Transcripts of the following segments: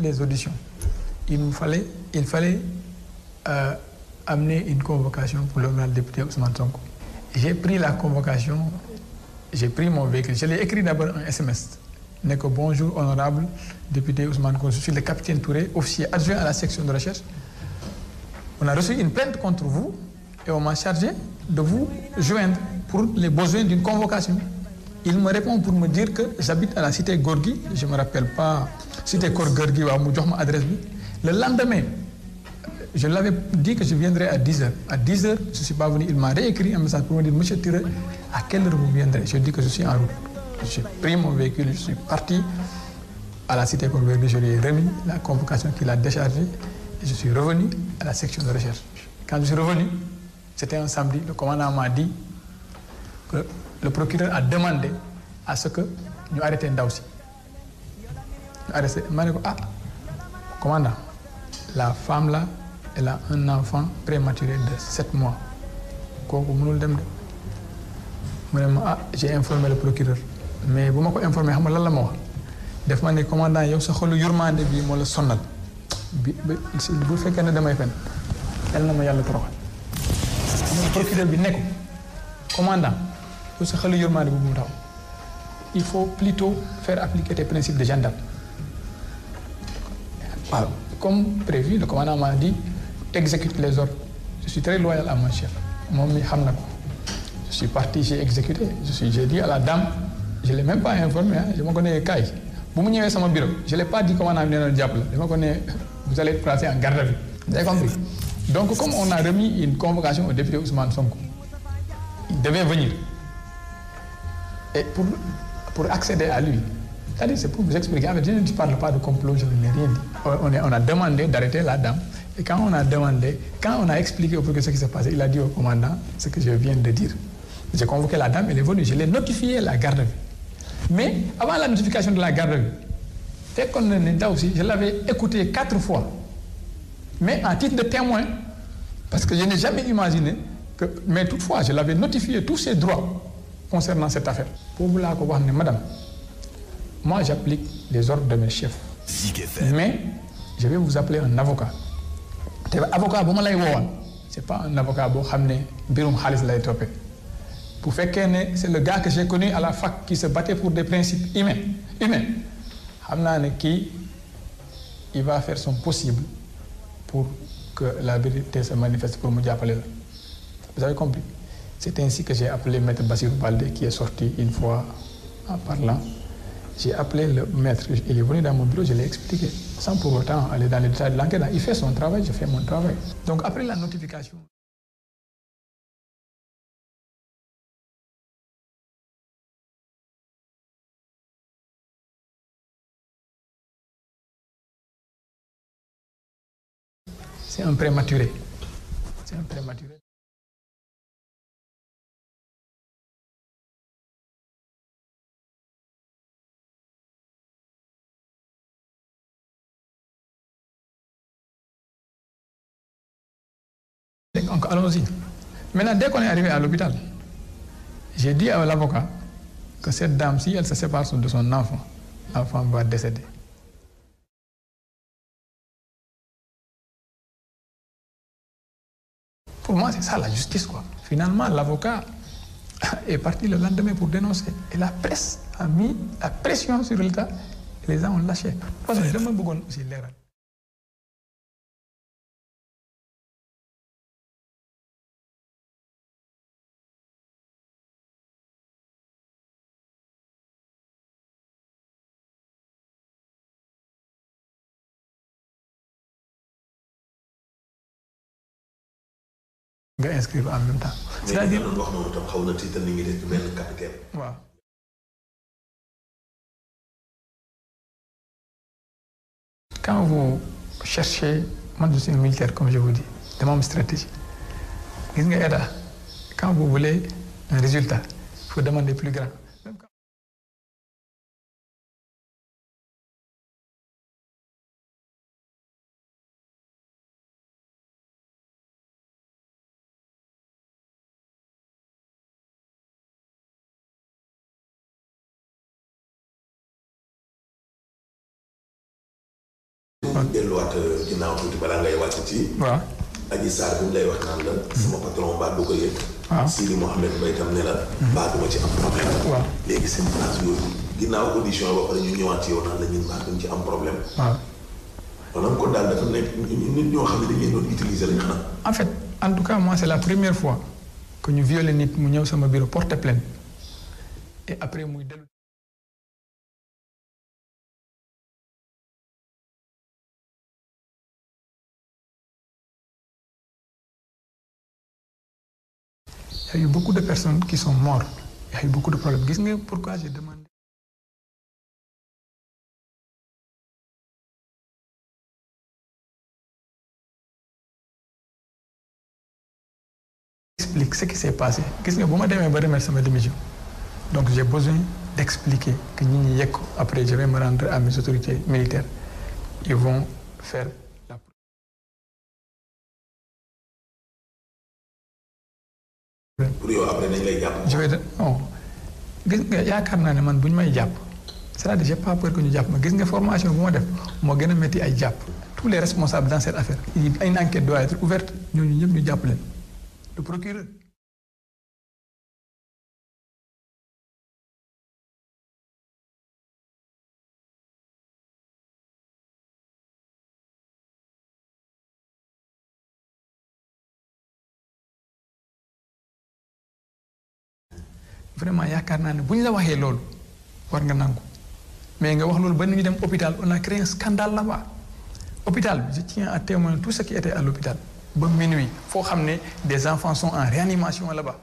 les auditions. Il me fallait, il fallait euh, amener une convocation pour l'honorable député Ousmane Sonko. J'ai pris la convocation, j'ai pris mon véhicule. Je l'ai écrit d'abord un SMS. N'est que bonjour, honorable député Ousmane Sonko. Je suis le capitaine Touré, officier adjoint à la section de recherche. On a reçu une plainte contre vous et on m'a chargé de vous joindre pour les besoins d'une convocation. il me répond pour me dire que j'habite à la cité Gorgui je me rappelle pas cité Kor Gorgui waaw mu jox ma adresse bi le lendemain je l'avais dit que je viendrais à 10 heures à 10 heures je suis pas venu il m'a réécrit un message pour me dire monsieur Touré à quelle heure je dis que je suis en route j'ai pris mon véhicule je suis parti à la cité Kor je lui remis la convocation qu'il a déchargée et je suis revenu à la section de recherche quand je suis revenu c'était le procureur a demandé à ce que ñu arrêté ndaw si ñu arrêté ma ne ko ah commandant la femme là elle a un enfant prématuré de sept mois kooku mënul dem de mu ne ma ah j'ai informé la procureur mais bu ma ko informé xam nga lan la ma wax def ma ne commandant yow sa xolu yurmande bi moo la sonnal bi bu fekkee ne damay fen yal na ma yàlla toroxal procureur bi ne ko aussi xelu yërmande bu mu taw il faut plutôt faire appliquer les principes de gendarme waaw comme prévu le commandant m'a dit exécute les ordres je suis très loyal à mon moom mi xam na ko je suis parti j'ai exécuté je suis j'ai dit à la dame je l'ai même pas informé ah ma ko nee kaay bu mu ñëwee sama bureau je l'ai pas dit commandant bi nee na jàpp la dama ko nee vous allez être en garde à donc comme on a remis une convocation au député Ousmane Et pour, pour accéder à lui, c'est-à-dire, c'est pour vous expliquer, je ne parle pas de complot, je n'ai rien dit. On, a demandé d'arrêter la dame. Et quand on a demandé, quand on a expliqué au procureur ce qui s'est passé, il a dit au commandant ce que je viens de dire. J'ai convoqué la dame, elle est venue, je l'ai notifié la garde vue. Mais avant la notification de la garde à vue, fekkoon na ne ndaw si la l'avais écouté quatre fois mais en titre de témoin parce que je n'ai jamais imaginé que mais toutefois je l'avais notifié tous ses droits concernant cette affaire boobu laa ko wax ne madame moi j'applique les ordres de mes chefs mais je vais vous appeler un avocat te avocat bu ma lay woowoon c'est pas un avocat boo xam ne mbirum xaalis lay toppee bu fekkee ne c'est le gars que j'ai connu à la fac ki se battait pour des principes humains humains xam naa ne kii il va faire son possible pour que la vérité se manifeste pour mu jàppale la vous avez compris C'est ainsi que j'ai appelé Maître Bassirou Baldé qui est sorti une fois en parlant. J'ai appelé le maître, il est venu dans mon bureau, je l'ai expliqué, sans pour autant aller dans les détails de l'enquête. Il fait son travail, je fais mon travail. Donc après la notification. C'est un prématuré. C'est un prématuré. donc allons-y. Maintenant, dès qu'on est arrivé à l'hôpital, j'ai dit à l'avocat que cette dame, si elle se sépare de son enfant, l'enfant va décéder. Pour moi, c'est ça la justice, quoi. Finalement, l'avocat est parti le lendemain pour dénoncer. Et la presse a mis la pression sur l'État. Et les gens ont lâché. Parce que nga inscrire en même temps. c'est-à-dire wax noonu tam xaw na tiital ni ngi def benn capitaine. waaw. quand vous cherchez man je suis militaire comme je vous dis dama am stratégie gis nga état quand vous voulez un résultat il faut plus grand. delluwaat euh, ginnaaw tuuti balaa ngay wàcc ci. waaw. Adji Sarr bi mu lay wax naan la. Hmm. sama patron ba du ko yëg. waaw Sidi Mouhamed Mbaye hmm. ma ci waaw léegi seen ginnaaw audition ba ñu ci yow naan la ñun ci am problème. waaw. maanaam kon daal dafa nekk nit ñoo xam ne dañ leen doon utiliser lañ xanaa. en en tout cas moi c'est la première fois que ñu violé nit mu ñëw sama bureau porte plainte et après muy dellu. y a eu beaucoup de personnes gis nga explique ce qui s'est passé gis nga bu ma demee ba remettre sama démission donc j'ai besoin d'expliquer que nit ñi yegg après je vais me rendre à mes autorités militaires ils faire. du yow après dañ lay jàpp. je vais non gis nga yaakaar naa ne man bu ñu may jàpp c'est-à-dire ñu jàpp ma gis nga formation bu ma def moo gën a métti ay jàpp tous les responsables dans cette affaire. une enquête doit être ouverte ñooñu ñëpp ñu jàpp leen le procureur. vraiment yaakaar naa ne bu ñu la waxee loolu war nga nangu mais nga wax loolu ba ñu dem hôpital on a créé scandale là-bas hôpital bi je tiens à témoigner tout ba minuit foo xam ne des enfants sont en réanimation là-bas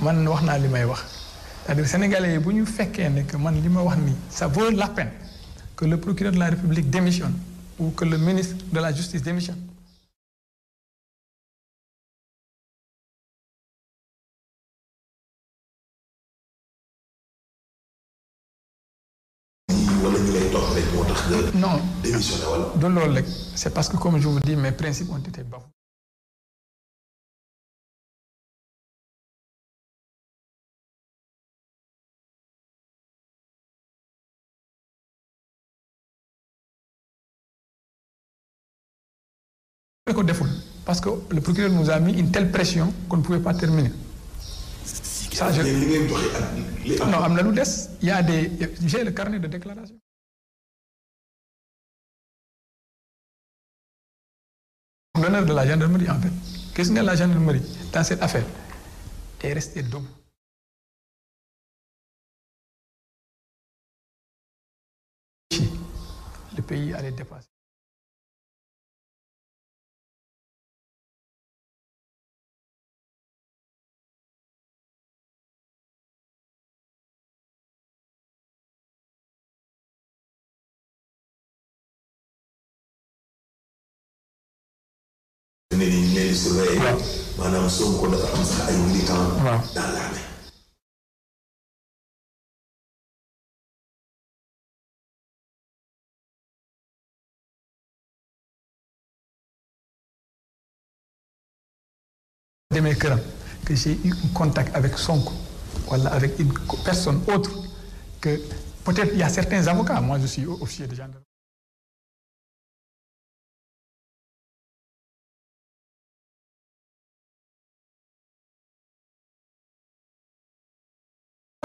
man wax naa li may wax c'est-à-dire bu ñu fekkee ne que man li ma wax ni ça vaut la que le procureur de la République démissionne ou que le ministre de la Justice démissionne. Non, de loolu rek c'est parce que comme je vous dis mes principes ont été bafoués. ne ko deful parce que le procureur nous a mis une telle pression qu'on pouvait pas terminer. ça je non a des de la gendarmerie en fait gis la gendarmerie dans cette affaire est restée debout. ne nii ñu leen di surveiller. waaw maanaam Sonko dafa am sax ay militants. waaw dans l'armée. demee këram que j'ai eu un contact avec Sonko wala avec une personne autre que peut-être il y a certains avocats moi je suis officier de gendarmerie.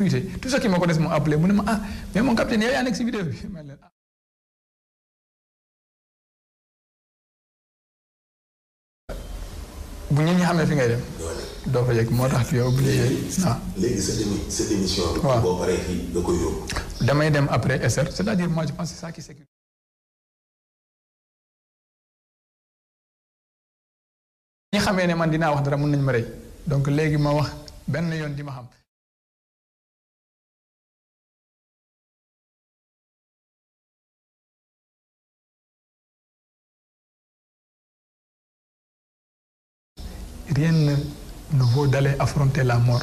tweeté tous ceux mu ne ma ah mais mon capitaine ah. bu ñun ñi xamee fi ngay dem. doo fa yegg moo tax tu es obligé. damay dem après SR c' est à dire moi pense que c' est xamee ne man dinaa wax dara mun nañ ma rey donc léegi ma wax benn yoon di ma xam. rien ne vaut d'aller affronter la mort.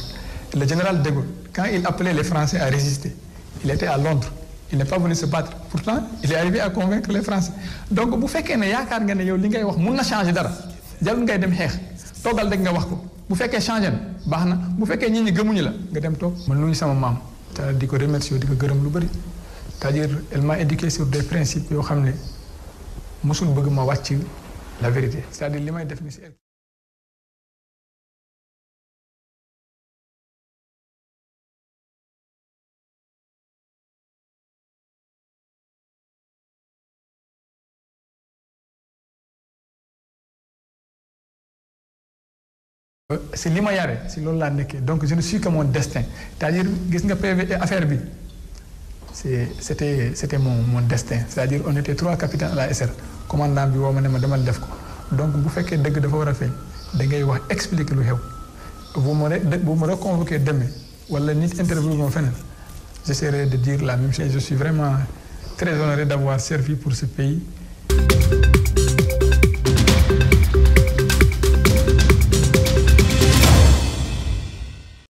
Le général de Gaulle, quand il appelait le Français à résister, il était à Londres. il n'est pas venu se battre pourtant il est arrivé à convaincre les Français donc bu fekkee ne yaakaar nga ne yow li ngay wax mun na changer dara jarul ngay dem xeex toogal rek nga wax ko bu fekkee changer na baax na bu fekkee ñii ñi gëmuñu la nga dem toog man nuyu sama maam te di ko remercier di ko gërëm lu bëri c'est-à-dire elle m'a des principes yoo xam ne mosul bëgg ma wàcc la vérité cest li may def Euh, si li ma yare si loolu laa nekkee donc je ne suis que mon destin cest gis nga PV e affaire bi c'est c'était c'était mon mon destin c'est-à-dire on était trois capitaines à la SR commandant bi woo ma ne ma demal def ko donc bu fekkee dëgg dafa war a feeñ da ngay wax expliquer lu xew bu ma bu ma reconvoqué demee wala nit interview moom feneen j'essaierai de dire la même chose je suis vraiment très honoré d'avoir servie pour ce pays